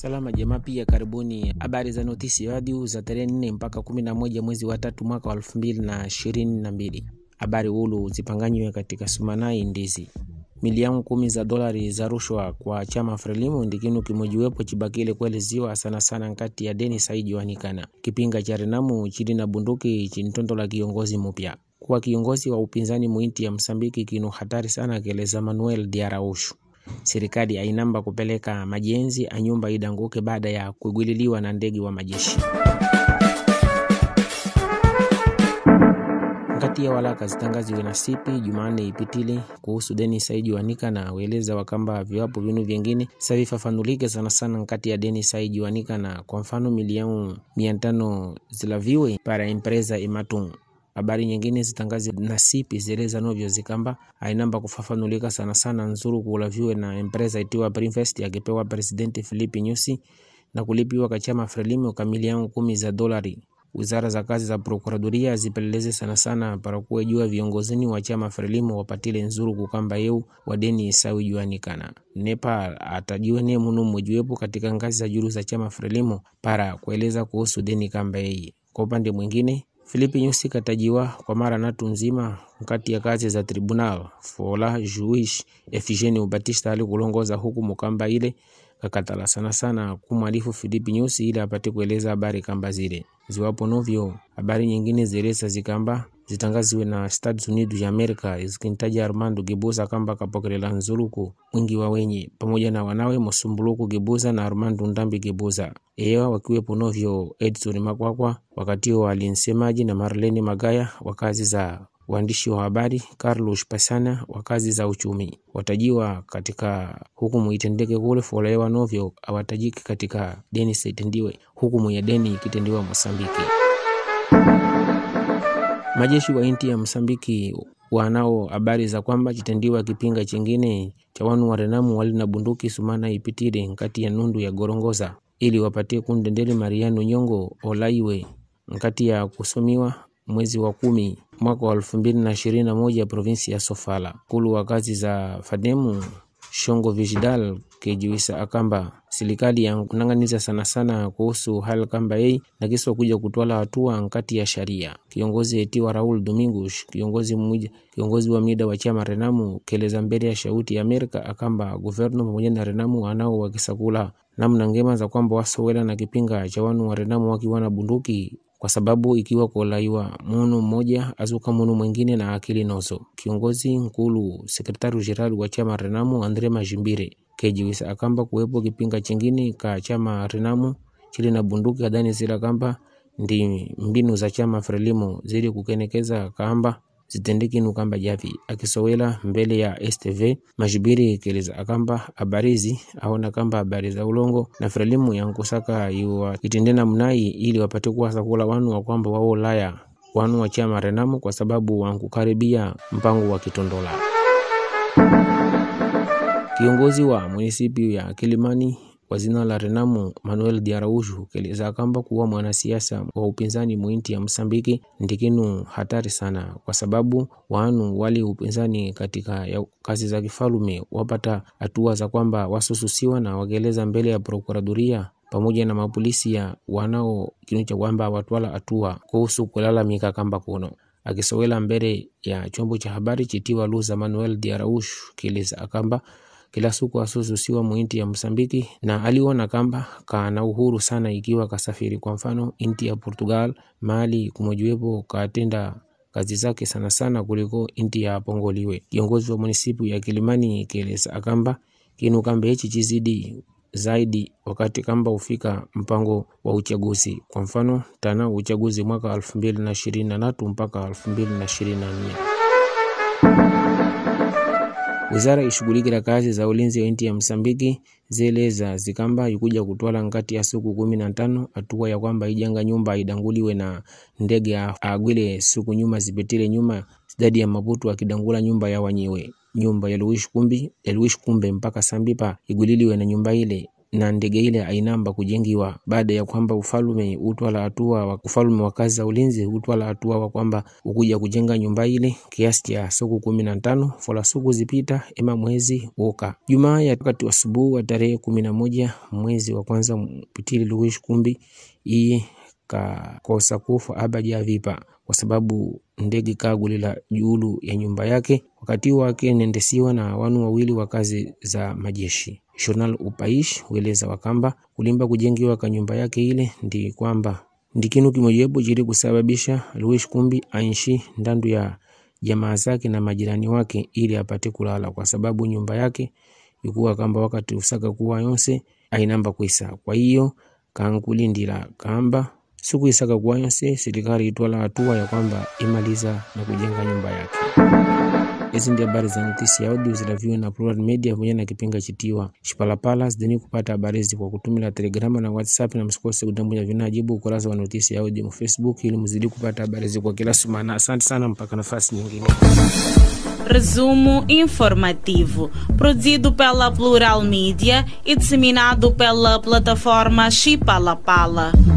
Salama jamaa, pia karibuni. Habari za notisi radio za tarehe 4 mpaka 11 mwezi wa tatu mwaka wa 2022. Habari hulu zipanganywe katika sumanai ndizi miliamu kumi za dolari za rushwa kwa chama Frelimu ndikinu kimojiwepo chibakile kueleziwa sana sana nkati ya deni saiji wanikana kipinga cha renamu chili na bunduki la kiongozi mupya kuwa kiongozi wa upinzani muinti ya Msambiki kinu hatari sana keleza Manuel diaraushu serikali ainamba kupeleka majenzi anyumba idanguke baada ya kugwililiwa na ndege wa majeshi. Kati ya walaka zitangaziwe na sipi Jumanne ipitili kuhusu deni Saidi Wanika na weleza wakamba viwapo vinu vyengine savifafanulike sana sana nkati ya deni Saidi Wanika na kwa mfano milioni mia zilaviwe para empresa imatungu Habari nyingine zitangaze na sipi zileza novyo zikamba ainamba kufafanulika sana sana nzuru kuulaviwe na empresa itiwa Prinvest yakipewa Presidenti Filipi Nyusi na kulipiwa kachama Frelimo yangu kumi za dolari. Wizara za kazi za prokuraduria zipeleleze sana sana para kuwe jua viongozini wa chama Frelimo wapatile nzuru kukamba yeu wadeni isawi juanikana Nepa atajue ne munu mwejuwepo katika ngazi za juru za chama Frelimo para kueleza kuhusu deni kamba yeye. Kwa upande mwingine Filipi Nyusi katajiwa kwa mara natu nzima nkati ya kazi za tribunal fola juish Efigeni Ubatista ali kulongoza huku mukamba ile kakatala sana sana kumwalifu Filipi Nyusi ili apate kueleza habari kamba zile ziwapo novyo. Habari nyingine zilesa zikamba zitangaziwe na Estados Unidos ya Amerika zikintaja Armando gibuza kamba kapokelela nzuluku mwingi wa wenye pamoja na wanawe Mosumbuluku gibuza na Armando Ndambi gibuza ewa wakiwepo novyo Edson Makwakwa wakati wa alinsemaji na Marlene Magaya wakazi za waandishi wa habari Carlos Pasana wa kazi za uchumi watajiwa katika hukumu itendeke kule folewa novyo awatajiki katika Denis itendiwe hukumu ya deni ikitendiwa Mosambiki. Majeshi wa inti ya Msambiki wanao habari za kwamba chitendiwa kipinga chingine cha wanu wa Renamu wali na bunduki sumana ipitire nkati ya nundu ya Gorongosa ili wapatie kundendele Mariano Nyongo Olaiwe nkati ya kusumiwa mwezi wa kumi mwaka wa elfu mbili na ishirini na moja provinsi ya Sofala. Kulu wa kazi za Fademu Shongo Vijdal kejiwisa akamba ya kunanganiza sana sana kuhusu hal kamba yei nakiswa kuja kutwala hatua nkati ya sharia. Kiongozi etiwa Raul Domingues, kiongozi mmoja kiongozi wa mida wa chama Renamu keleza mbele ya shauti ya Amerika akamba guverno pamoja na Renamu anao wakisakula namna ngema za kwamba wasowela na kipinga cha wanu wa Renamu wakiwa na bunduki kwa sababu ikiwa kolaiwa munu mmoja azuka munu mwingine na akili nozo kiongozi nkulu sekretari jenerali wa chama renamu andre majimbire kejiwisa akamba kuwepo kipinga chingine ka chama renamu chili na bunduki hadhani zila kamba ndi mbinu za chama frelimo zili kukenekeza kamba zitendeke nukamba javi akisowela mbele ya STV majibiri yekeleza akamba abarizi aona kamba habari za ulongo na frelimu yankusaka iwa itende namnayi ili wapate kuwasakula wanu wa kwamba wao laya wanu wachia marenamu kwa sababu wankukaribia mpango wa kitondola. Kiongozi wa munisipi ya Kilimani kwa zina la Renamo Manuel de Araújo ukieleza kwamba kuwa mwanasiasa wa upinzani mwinti ya Msambiki ndikinu hatari sana, kwa sababu wanu wali upinzani katika ya kazi za kifalume wapata hatua za kwamba wasususiwa na wageleza mbele ya prokuraduria pamoja na mapolisi ya wanao kinu cha kwamba watwala hatua kuhusu kulalamika kamba kuno akisowela mbele ya chombo cha habari chitiwa Luza Manuel de Araújo kieleza akamba kila suku asususiwa muinti ya Msambiki na aliona kamba kana uhuru sana ikiwa kasafiri. Kwa mfano inti ya Portugal, Mali kumojuwepo katenda kazi zake sana sana kuliko inti ya Pongoliwe. Kiongozi wa munisipu ya Kilimani kelesa akamba kinu kamba hichi chizidi zaidi wakati kamba hufika mpango wa uchaguzi. Kwa mfano tana uchaguzi mwaka 2023 mpaka 2024. Wizara ishughulikira kazi za ulinzi enti ya Msambiki zieleza zikamba ikuja kutwala nkati ya siku kumi na tano hatua ya kwamba ijenga nyumba idanguliwe na ndege agwile siku nyuma zipitile nyuma dadi ya Maputu akidangula nyumba ya wanyiwe nyumba yaluishi kumbi yaluishi kumbe mpaka Sambipa igwililiwe na nyumba ile na ndege ile Ainamba kujengiwa baada ya kwamba ufalume utwala hatua wa ufalume wa kazi za ulinzi utwala hatua wa kwamba ukuja kujenga nyumba ile kiasi cha suku kumi na tano fola siku zipita ema mwezi woka Jumaa ya wakati wa asubuhi wa tarehe kumi na moja mwezi wa kwanza mpitili luishi kumbi iye kakosa kufa abaja vipa kwa sababu ndege kagulila julu ya nyumba yake wakati wake nendesiwa na wanu wawili wa kazi za majeshi. Journal Upaishi hueleza wakamba kulimba kujengiwa ka nyumba yake ile ndi kwamba ndi kinu kimojepo chili kusababisha Luis Kumbi aishi ndandu ya jamaa zake na majirani wake ili apate kulala, kwa sababu nyumba yake ikuwa kamba wakati usaka kuwa yonse ainamba kuisa. Kwa hiyo kankulindila kamba siku isaka kuwa yonse serikali itwala hatua ya kwamba imaliza na kujenga nyumba yake. Hizi habari za notisi ya audio zitaviwa na Plural Media pamoja na Kipinga Chitiwa. Shipalapala zideni kupata habari hizi kwa kutumia Telegrama na WhatsApp, na msikose kutambuja vina jibu ukurasa wa notisi ya audio Facebook ili mzidi kupata habari hizi kwa kila sumana. Asante sana, mpaka nafasi nyingine. Resumo informativo, produzido pela Plural Media e disseminado pela plataforma Chipalapala.